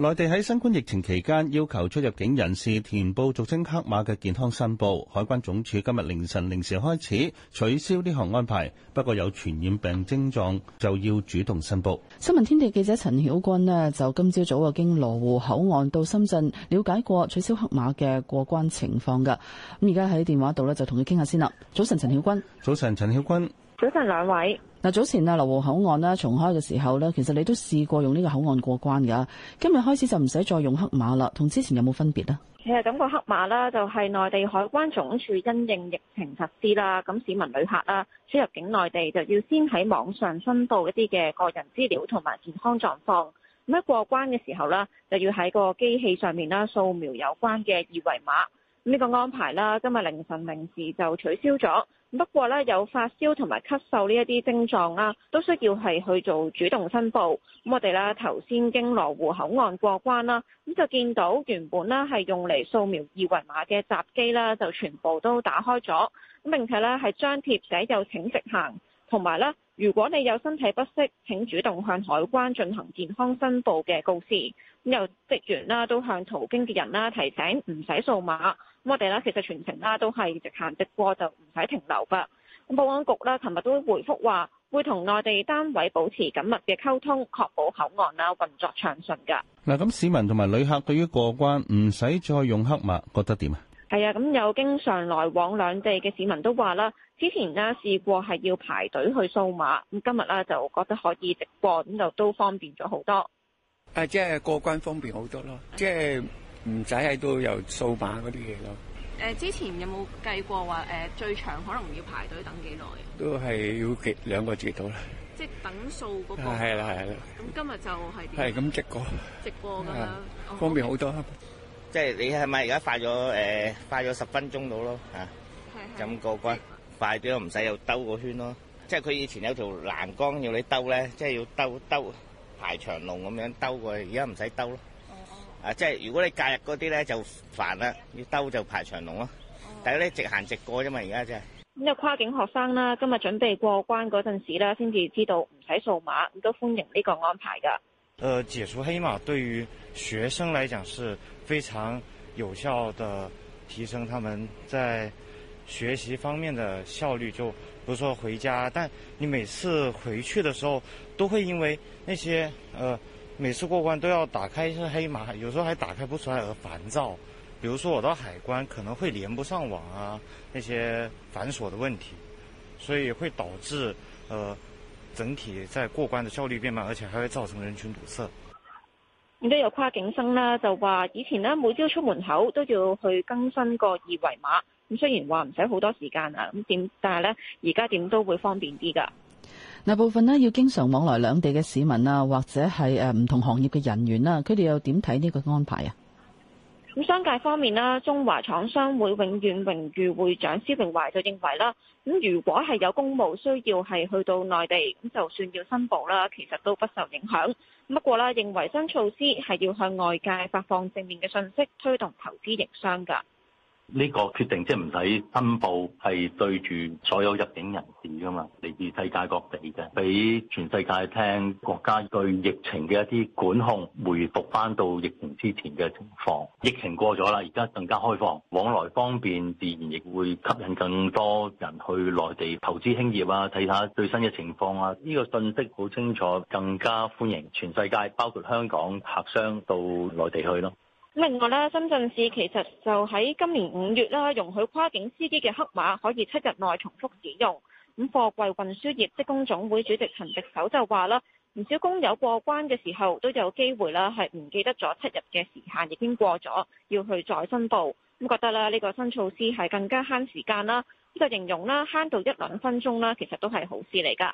內地喺新冠疫情期間，要求出入境人士填報俗稱黑碼嘅健康申報，海關總署今日凌晨零時開始取消呢項安排。不過有傳染病症狀，就要主動申報。新聞天地記者陳曉筠呢，就今朝早啊經羅湖口岸到深圳了解過取消黑碼嘅過關情況㗎。咁而家喺電話度咧就同佢傾下先啦。早晨，陳曉筠。早晨，陳曉筠。早晨，兩位。嗱，早前啊，羅湖口岸重開嘅時候咧，其實你都試過用呢個口岸過關㗎。今日開始就唔使再用黑碼啦，同之前有冇分別？其實咁個黑碼咧，就係內地海關總署因應疫情實施啦。咁市民旅客啦，出入境內地就要先喺網上申報一啲嘅個人資料同埋健康狀況。咁一過關嘅時候咧，就要喺個機器上面啦掃描有關嘅二維碼。呢個安排啦，今日凌晨零時就取消咗。不過呢，有發燒同埋咳嗽呢一啲症狀啦，都需要係去做主動申報。咁我哋呢頭先經羅湖口岸過關啦，咁就見到原本呢係用嚟掃描二維碼嘅閘機啦，就全部都打開咗。咁並且呢係張貼寫有請直行，同埋呢，如果你有身體不適，請主動向海關進行健康申報嘅告示。咁有職員啦都向途經嘅人啦提醒唔使掃碼。咁我哋啦，其實全程啦都係直行直過就唔使停留嘅。咁保安局啦，琴日都回覆話，會同內地單位保持緊密嘅溝通，確保口岸啦運作暢順嘅。嗱，咁市民同埋旅客對於過關唔使再用黑碼，覺得點啊？係啊，咁有經常來往兩地嘅市民都話啦，之前咧試過係要排隊去掃碼，咁今日呢就覺得可以直過，咁就都方便咗好多。誒，即係過關方便好多咯，即係。唔使喺度又掃碼嗰啲嘢咯。誒，之前有冇計過話，誒，最長可能要排隊等幾耐？都係要極兩個字到啦。即係等數嗰個。係啦係啦。咁今日就係點？係咁直過。直過咁樣。方便好多。即係你係咪而家快咗誒？快咗十分鐘到咯吓。係。就咁過關，快啲咯，唔使又兜個圈咯。即係佢以前有條欄杆要你兜咧，即係要兜兜排長龍咁樣兜過去，而家唔使兜咯。啊，即係如果你假日嗰啲咧就煩啦，要兜就排長龍咯。哦、但係你直行直過啫嘛，而家就咁。有跨境學生啦，今日準備過關嗰陣時咧，先至知道唔使掃碼，咁都歡迎呢個安排噶。呃，解除黑碼對於學生嚟講是非常有效的提升他們在學習方面的效率，就唔說回家，但你每次回去的時候都會因為那些呃。每次過關都要打開一些黑碼，有時候還打開不出來而煩躁。比如說我到海關可能會連不上網啊，那些繁瑣的問題，所以會導致呃整體在過關的效率變慢，而且還會造成人群堵塞。咁都有跨境生啦，就話以前呢，每朝出門口都要去更新個二維碼，咁雖然話唔使好多時間啊，咁點，但係咧而家點都會方便啲噶。嗱，部分呢，要經常往來兩地嘅市民啊，或者係誒唔同行業嘅人員啦，佢哋又點睇呢個安排啊？咁商界方面啦，中華廠商會永遠榮譽會長蕭榮懷就認為啦，咁如果係有公務需要係去到內地，咁就算要申報啦，其實都不受影響。不過啦，認為新措施係要向外界發放正面嘅信息，推動投資營商噶。呢個決定即係唔使申報，係對住所有入境人士噶嘛，嚟自世界各地嘅，俾全世界聽國家對疫情嘅一啲管控，回復翻到疫情之前嘅情況。疫情過咗啦，而家更加開放，往來方便，自然亦會吸引更多人去內地投資興業啊！睇下最新嘅情況啊！呢個信息好清楚，更加歡迎全世界包括香港客商到內地去咯。另外咧，深圳市其實就喺今年五月啦，容許跨境司機嘅黑碼可以七日內重複使用。咁貨櫃運輸業職工總會主席陳迪手就話啦，唔少工友過關嘅時候都有機會啦，係唔記得咗七日嘅時限已經過咗，要去再申報。咁覺得咧，呢個新措施係更加慳時間啦。呢個形容啦，慳到一兩分鐘啦，其實都係好事嚟㗎。